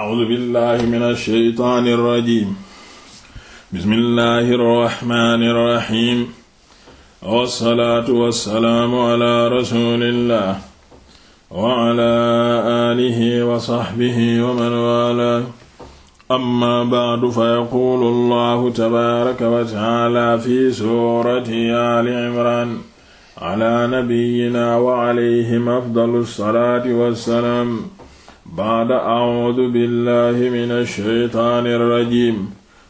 a'uuzu billahi mina shaytaani rajiim bismillahi rahmaani rahiim wassalaatu wassalaamu ala rasuulillah wa ala aalihi wa sahbihi wa man waalaahu amma ba'du fa yaquulu allahu tabaaraka wa ta'aala fi suurati aali imraan ala nabiyyinaa wa alayhim afdalu salaati wassalaam baada audu billahi min alsheytaani irrajim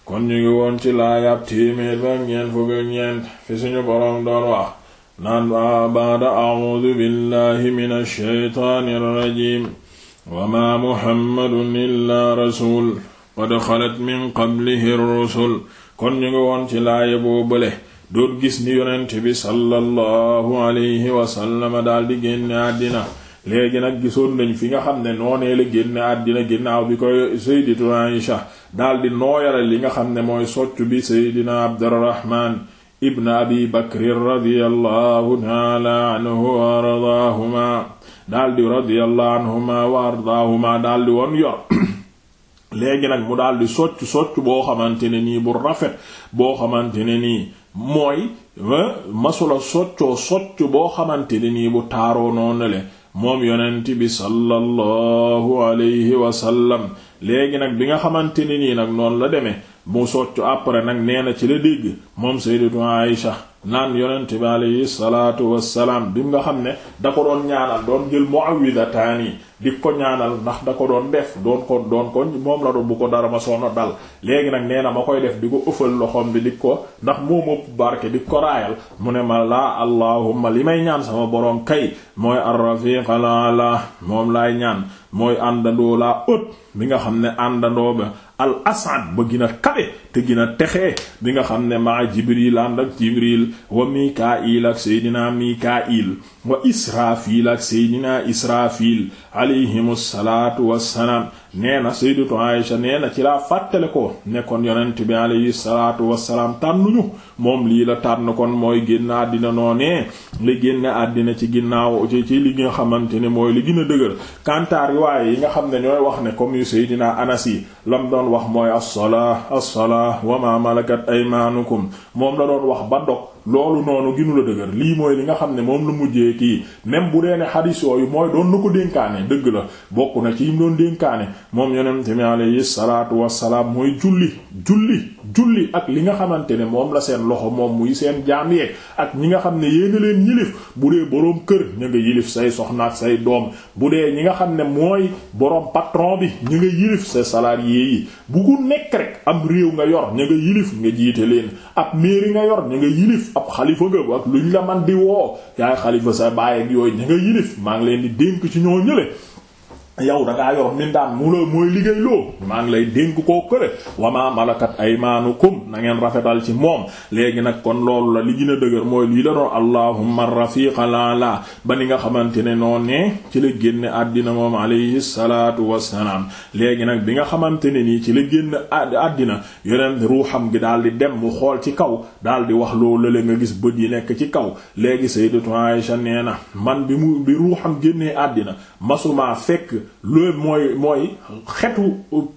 kon ñu ngi woon ci laayab téeméer ba boroom doon wax baada audu billahi min alsheytaani irrajim wa maa muhammadun illaa rasul qad xalat min qablihi rusul kon ñu ngi woon gis ni yonent bi sallallahu alayhi wasallama daal di génne àddina léegi nag gisoon nañ fi nga xam ne noonee la génne àddina ginnaaw bi koy sayyidatu Aïsha daldi nooyale li nga xam ne mooy soccu bi sayyidina Abdurrahman ibn abi bakrin radiyallahu taala anhu wa ardaahuma daldi radiyallahu anhuma wa ardaahuma daldi woon yor léegi nag mu daldi soccu soccu boo xamante ne nii bu rafet boo xamante ne nii mooy eh, masula soccoo soccu boo xamante ne nii bu taaroo noonu moom yonent bi sallallahu alayhi wasallam léegi nag bi nga xamante ne nii nag noonu la demee mu soccu après nag nee na ci la dégg moom sayyidatu Aïsha naan yonent bi alayhi salaatu wassalaam bi nga xam ne da ko doon ñaanal doon jël muawwidataani di ko ñaanal ndax da ko doon def doon ko doon ko moom la doon bu ko dara ma soona dal léegi nag nee na ma koy def di ko ëffal loxoom bi di ko ndax moo mopp barke di ko raayal mu ne ma laa allahumma li may ñaan sama boroom kay mooy ar-rafiq moom laay ñaan mooy àndandoo laa ët bi nga xam ne àndandoo ba al asad ba gën a kawe te gën a bi nga xam ne maa jibril ànd ak jibril wa mikail ak seydinaa mikail wa israfil ak seydina israfil alayhimu salaatu wassalaam nee na sayyidatu Aisha nee na ci laa fàttale ko nekkoon yonent bi alayhi salaatu wassalaam tànnuñu moom lii la tànn kon mooy génn àddina noonee li génn àddina ci ginnaaw ci ci li nga xamante ne mooy li gina a dëgër kantaar riwaaye yi nga xam ne ñooy wax ne comme yu seydina Anas yi lam doon wax mooy as-salaa as-salaa wa ma aymaanukum moom la doon wax ba dog loolu noonu ginu la dëgër lii mooy li nga xam ne moom la mujjee kii même bu dee ne xadis yooyu mooy doon na ko dénkaane dëgg la bokk na ci yim doon dénkaane moom yonent mi alayhi salaatu wassalaam mooy julli julli julli ak li nga xamante ne moom la seen loxo moom muy seen jaam yeeg ak ñi nga xam ne yéena leen yilif bu dee boroom kër ñu nga yilif say soxna say doom bu dee ñi nga xam ne mooy boroom patron bi ñu nga yilif sa salarié yi bu ku nekk rek am réew nga yor ña nga yilif nga jiite leen ab mairie nga yor ñu nga yilif yilif ab xalifa nga lu ñu la man di woo yaay xalifa sa baay ak yooyu ña nga yilif maa ngi leen di dénk ci ñoo ñële yow da ngaa yor mindaan mu la mooy liggéey loo maa ngi lay dénk koo kële wama malakat aymaanukum na ngeen rafetal ci moom léegi nag kon loolu la li gën a dëgër mooy lii la doon allahumma rafiqal laa ba ni nga xamante ne noonu ne ci la génne àddina moom alayhi salaatu wassalaam léegi nag bi nga xamante ne nii ci la génn àddina yeneen ruuxam gi daal di dem mu xool ci kaw daal di wax loolu la nga gis bët yi nekk ci kaw léegi sayyidatu Aisha nee na man bi mu bi ruuxam génnee àddina masuma fekk loolu mooy mooy xetu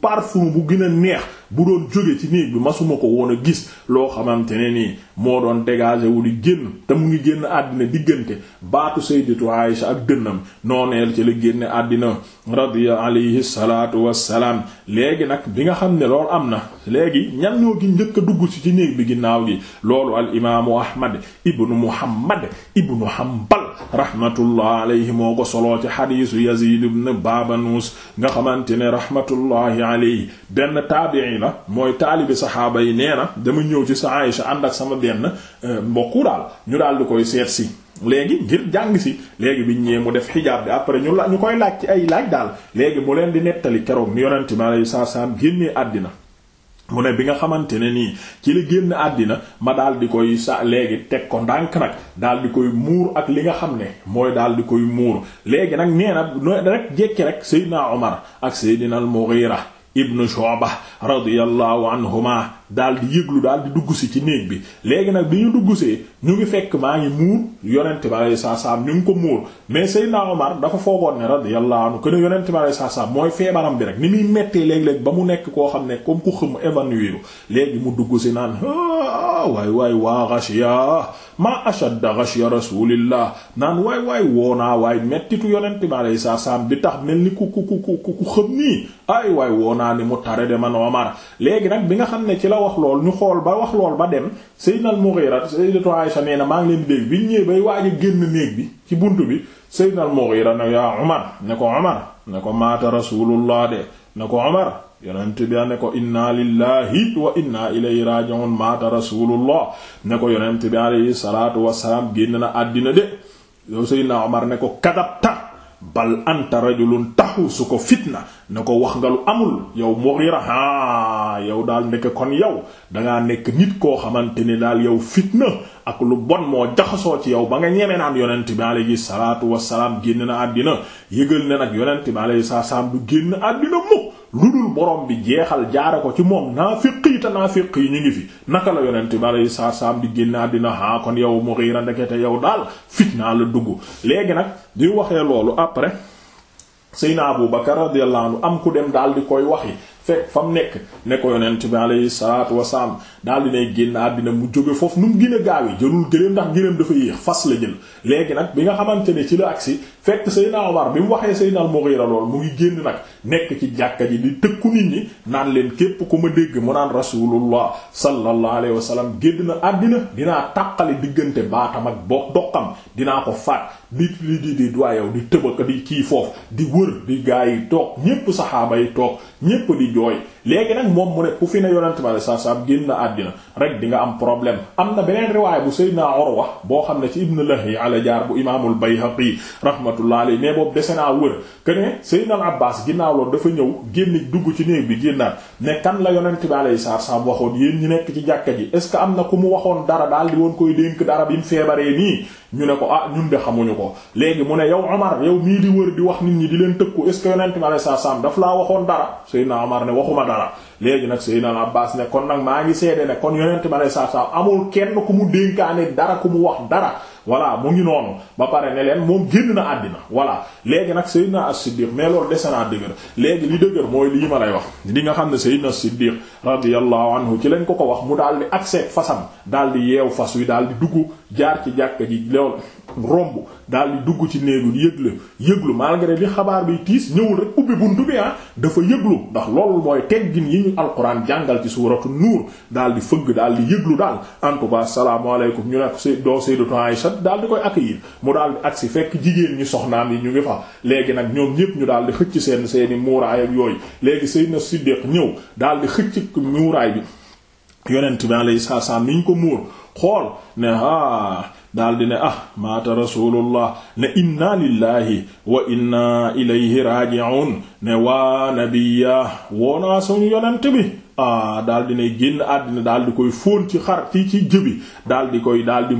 parfum bu gën a neex bu doon jóge ci néeg bi masuma ko woon a gis loo xamante ne nii moo doon dégagé wu di génn te mu ngi génn àddina diggante baatu sayyidatu Aïsha ak dënnam nooneel ci la génne àddina radiya alayhi salaatu wassalaam léegi nag bi nga xam ne loolu am na léegi ñan ñoo gi njëkk a dugg si ci néeg bi ginnaaw gi loolu al imaamu Ahmad ibnu Muhammad ibnu Hanbal rahmatullah alayhi moo ko soloo ci xadiisu Yazid ibn Babanus nga xamante ne rahmatullahi alayhi benn taabii la mooy taalibi saxaaba yi nee na dama ñëw ci sa Aïsha ànd ak sama benn euh, mbokku daal ñu daal di koy seet si léegi ngir jàng si léegi biñ ñee mu def xijaab bi après ñu la ñu koy laaj ci ay laaj daal léegi mu leen di nettali keroog ni yonente mi alayhi salaam génnee àddina mu ne bi nga xamante ne nii ci la génn àddina ma daal di koy sa léegi teg ko ndànk nag daal di koy muur ak li nga xam ne mooy daal di koy muur léegi nag nee na rek jekki rek Seydina Omar ak Seydina al-Mughira ibnu Shu'ba radiyallahu anhuma daal di yëglu daal di dugg si ci néeg bi léegi nag bi ñu dugg see ñu ngi fekk maa ngi muur yonente bi alayhi salaam ñu ngi ko muur mais naa Omar dafa foogoon ne radiyallahu anhu kuene yonente bi alayhi salaam mooy feebaram bi rek ni muy mettee léeg-léeg ba mu nekk koo xam ne comme ku xëm évanouiru léegi mu dugg si naan ah, waay waay waa ghashiya da ashadda ghashiya rasulillah naan waay waay woonaa waay mettitu yonente bi alayhi salaam bi tax mel ni ku ku ku ku xëm nii mu tare de man la wax lool ñu xool ba wax lool ba dem Sayyidna al-Mughira Sayyidatu Aisha nee na maa ngi leen dégg biñ ñëwee bay waaj génn néeg bi ci bunt bi Sayyidna al-Mughira ne ko Umar ne ko maata Rasulullah de ne ko Umar inna lillahi wa inna ilayhi raji'un maata Rasulullah ne ko yonent bi alayhi salaatu wassalaam génn na àddina de yow Sayyidna Umar ne ko kadabta bal anta rajulun taxuusu ko fitna na ko wax nga lu amul yow Mughira a yow daal ndekk kon yow dangaa nekk nit koo xamante ni daal yow fitna ak lu bon moo jaxasoo ci yow ba nga ñeme naan yonent bi alayhi salaatu wassalaam génn na àddina yëgal ne nag yonent bi alayhi salaam du génn àddina mukk lu dul borom bi jeexal jaare ko ci moom naafiq yi te naafiq yi ñu ngi fi naka la yonent bi alayhi salaatu salaam di dina àddina kon yow Mughira ndekete yow daal fit naa la dugg léegi nag di waxee loolu après Seydina Abu Bakar radiyallahu anhu am ku dem daal di koy waxi fekk fa mu nekk ne ko yonent bi alayhi salaatu wasalaam daal di nay génn àddina mu jóge foofu nu mu gën a gaawee jëlul gëléem ndax gëléem dafa yéex fas la jël léegi nag bi nga xamante ne ci la agsi fekk Seydina Omar bi mu waxee Seydina Mughira lool mu ngi génn nag nekk ci jàkka ji di tëkku nit ñi naan leen képp ku ma dégg mu naan rasulullah sallallahu alayhi wa sallam génn na àddina dina tàqali diggante baatam ak bo doqam dinaa ko faat di li di di doyow di foofu di wër di gaa yi toog ñépp saxaaba yi toog ñépp jooy léegi nag moom mu ne ku fi ne yonent bi saa saa génn àddina rek di nga am problème am na beneen riwaay bu Seydina Urwa boo xam ne ci Ibn Lahi ala jaar bu imaamul Bayhaqi rahmatullah alayhi mais boobu dese naa wër que ne Seydina Abbas ginnaaw dafa ñëw génn dugg ci néeg bi génnaat ne kan la yonent bi alayhi salaam waxoon yéen ñi nekk ci jàkka ji est ce que am na ku mu waxoon dara daal di woon koy dénk dara bi mu feebaree nii. ñu ne ko ah ñun de xamuñu ko léegi mu ne yow Omar yow mii di wër di wax nit ñi di leen tëkku est ce que yonent mi alei sat salaam daf laa waxoon dara Seydina Omar ne waxuma dara léegi nag Seydina Abbas kon nag maa ngi seede ne kon yonent mi alei amul kenn ku mu dénkaane dara ku mu wax dara voilà mu ngi noonu ba pare ne leen moom génn na àddina voilà léegi nag Seydina as-Siddiq mais loolu dese naa dëgër léegi li dëgër mooy lii ma lay wax li nga xam ne Seydina as-Siddiq radiyallahu anhu ci lañ ko ko wax mu daal di accès fasam daal di yeew fas wi daal di dugg jaar ci jàkka ji lool romb daal di dugg ci néegu yëglu yëglu malgré li xabaar bi tiis ñëwul rek ubbi buntu bi ah dafa yëglu ndax loolu mooy teggin yi ñu alquran jàngal ci suuratu nuur daal di fëgg daal di yëglu daal en tout cas asalaamaaleykum ñu nekk si doo Sayyidatu Aïsha daal di koy accueillir mu daal di agsi fekk jigéen ñi soxnaam yi ñu ngi fa léegi nag ñoom ñépp ñu daal di xëcc seen seeni muuraay ak yooyu léegi Sayyidna Siddiq ñëw daal di xëcc muuraay bi yonent bi alayhi salaam ni ñu ko muur xool ne haa ah, daal di ne ah maata rasulullah ne inna lillahi wa inna ilayhi raji'un ne waa nabiya woonaa suñu yonent bi ah daal di ne génn àddina daal di koy fóon ci xar ci ci jëbi daal di koy daal di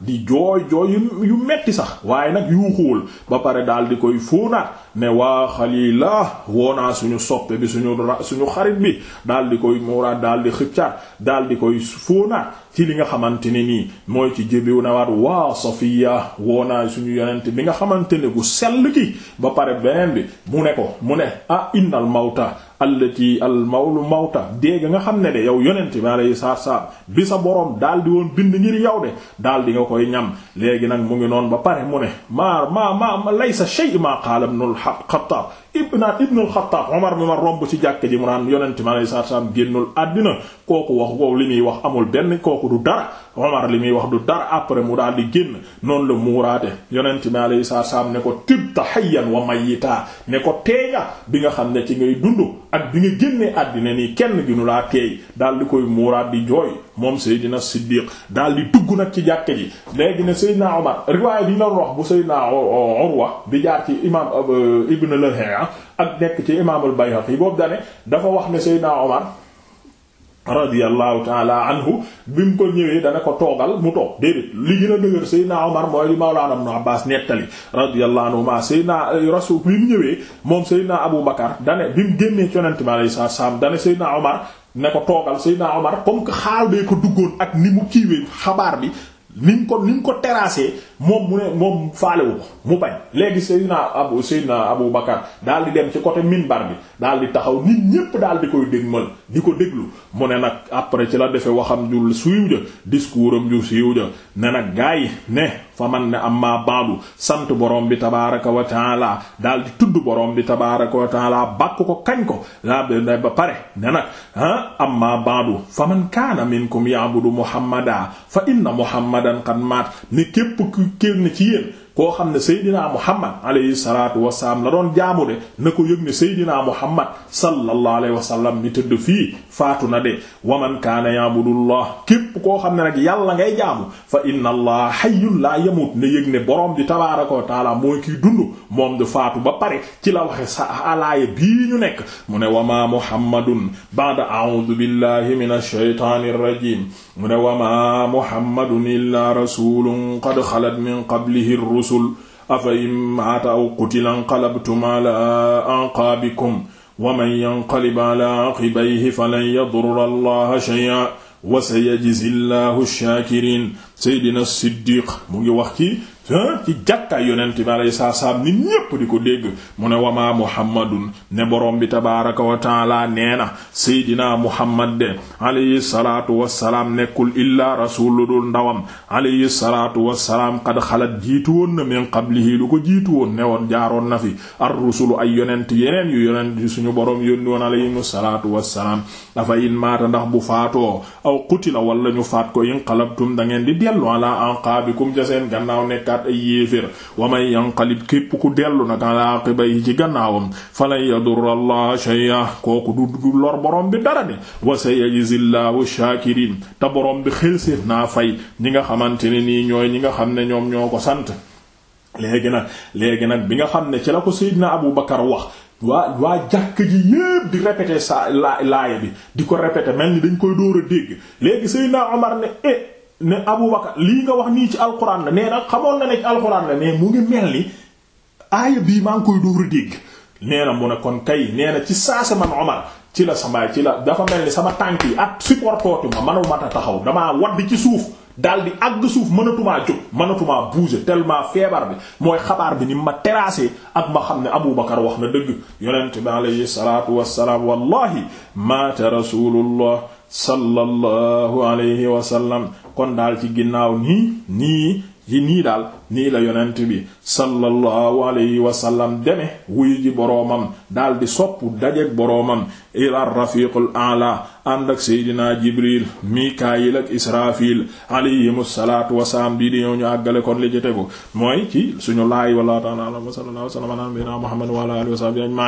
di jooy jooy yu metti sax waaye nag yuuxuwul ba pare daal di koy fóonaat ne waa xalila woonaa suñu soppe bi suñu suñu xarit bi daal di koy muuraat daal di xëccaat daal di koy fóonaat ci li nga xamante ne nii mooy ci jébiw nawaat waa safiya woonaa suñu yonent bi nga xamante ne gu sell ki ba pare beneen bi mu ne ko mu ne ah innal mawta allati al mawlu mawta déega nga xam ne de yow yonent bi alayhi salaam bi sa boroom daal di woon bind ngir yow de daal di nga koy ñam léegi nag mu ngi noon ba pare mu ne ma maa ma laysa shay maa qaala ibnul Xattaab ibna ibnul Xattaab Omar mi ma romb ci jàkk ji mu naan yonent mi alayhi salaatu salaam génnul àddina kooku wax wow li muy wax amul benn kooku du dara Omar li muy wax du dara après mu daal di génn noonu la muuraate yonent bi alayhi saam ne ko tibta hayyan wa mayyitaa ne ko teeña bi nga xam ne ci ngay dund ak bi nga génnee àddina nii kenn gi nu laa teey daal di koy muuraat di jooy moom Seydina Siddiq daal di dugg nag ci jàkke ji léegi ne Seydina Omar riwaay di la wax bu Seydina Urwa bi jaar ci imaam euh, Ibn Lahiya ak nekk ci imaamul yi boobu dane dafa wax ne Seydina Omar radiyallahu taala anhu bi mu ko ñëwee dana ko toogal mu toog déedéet li gën a dëgër Seydina Omar mooy li Mawlana Ibn Abbas nettali radiyallahu anhuma Seydina eh, Rasul bi mu ñëwee moom Seydina Abu Bakar dane bi mu génnee ci bi alayhi salaatu salaam dane Seydina Omar ne ko toogal Seydina Omar comme xaal bee ko duggoon ak ni mu kiiwee xabaar bi niñ ko niñ ko terrassé moom mu ne moom faalewu ko mu bañ léegi Seydina Abu Seydina Abu Bakar daal di dem ci côté minbar bi dal di taxaw nit ñépp daal di koy dégmal di ko déglu mu ne nag après ci la defee waxam ju siiw ja discours am ju siiw ja ne nag gaa yi ne fa man ne amma baadu sant borom bi tabaaraka wa taala daal di tudd borom bi tabaaraka wa taala bàkk ko kañ ko daa ba pare ne nag am ah, amma baadu fa man kaana minkum ya'budu muhammadan fa inna muhammadan ahadan qad maat ne képp ku kenn koo xam ne Seydina Muhammad alayhi salaatu wasalaam la doon jaamu de na ko yëg ne Seydina Muhammad sallallahu alayhi wasallam mi tëdd fii faatu na de wa man kaana yaabudullah képp koo xam ne nag yàlla ngay jaamu fa inna allah hayyun laa yamut ne yëg ne borom di tabaaraka wa mooy kiy dund moom du faatu ba pare ci la waxe sa alaaya bii ñu nekk mu ne wa ma Muhammadun ba'da a'uudu billahi minash shaytaanir rajiim mu ne wa ma Muhammadun rusul afa in maata aw qutila inqalabtum ala anqaabikum wa man yanqalib ala aqibayhi falan yadurra allaha shay'an wa sayajzi llahu shaakiriin seydina siddiq mu ngi wax ci ci jàkkaay yonent bi alayhi salaam nit ñépp di ko dégg mu ne wamaa muhammadun ne boroom bi tabaaraka wa taala nee na seydinaa muhammad de alayhi salaatu wassalaam nekkul illaa rasuul lu dul ndawam alayhi salaatu wassalaam qad xalat jiitu woon na min qablihi lu ko jiitu woon ne woon jaaroon na fi ar-rusulu ay yonent yeneen yu yonent suñu borom yónni woon alayhimu salaatu wassalaam dafa in maata ndax bu faatoo aw la walla ñu faat ko inqalabtum da ngeen faat ay yéefér wa man yanqalib képp ku dellu nag ala aqibay ci gannaawam falan yadur allah shay'a kooku du du lor boroom bi dara de wa sayajzillahu shakirin te boroom bi xelséef naa fay ñi nga xamante ne nii ñooy ñi nga xam ne ñoom ñoo ko sant léegi nag léegi nag bi nga xam ne ci la ko Seydina Abu Bakar wax waa waa jàkk ji yépp di répéter sa la laaya bi di ko répéter mel ni dañ koy dóor a dégg léegi Seydina Omar ne eh ne Abu lii nga wax nii ci alxuraan la nee nag xamoon na ne ci alxuraan la mu ngi mel ni aaya bii maa ngi koy dóor a dégg nee na mu ne kon kay nee na ci saase man Omar ci la sama ci la dafa mel ni sama tànk yi ak supportootu ma mënuma ta taxaw damaa wadd ci suuf dal di àgg suuf mënatumaa jóg mënatumaa bouger tellement feebar bi mooy xabaar bi ni ma terrassé ak ma xam ne Abu Bakar wax na dëgg yonent bi alayhi salaatu wassalaam wallahi maata rasulullah sallallahu alayhi wa sallam kon daal ci ginnaaw nii nii nii daal nii la yonent bi sallallahu alayhi wa sallam deme wuyu ji boroomam daal di soppu dajeek boroomam ila rafiqul a'la ànd ak seydinaa jibril mikaayil ak israfil alayhimu salaatu wasalaam bii di ñëw ñu àggale kon li ci tegu mooy ci suñu laay wallahu ta'ala wa sallallahu wa sallam ala muhammad wa ala alihi wa sahbihi ajma'in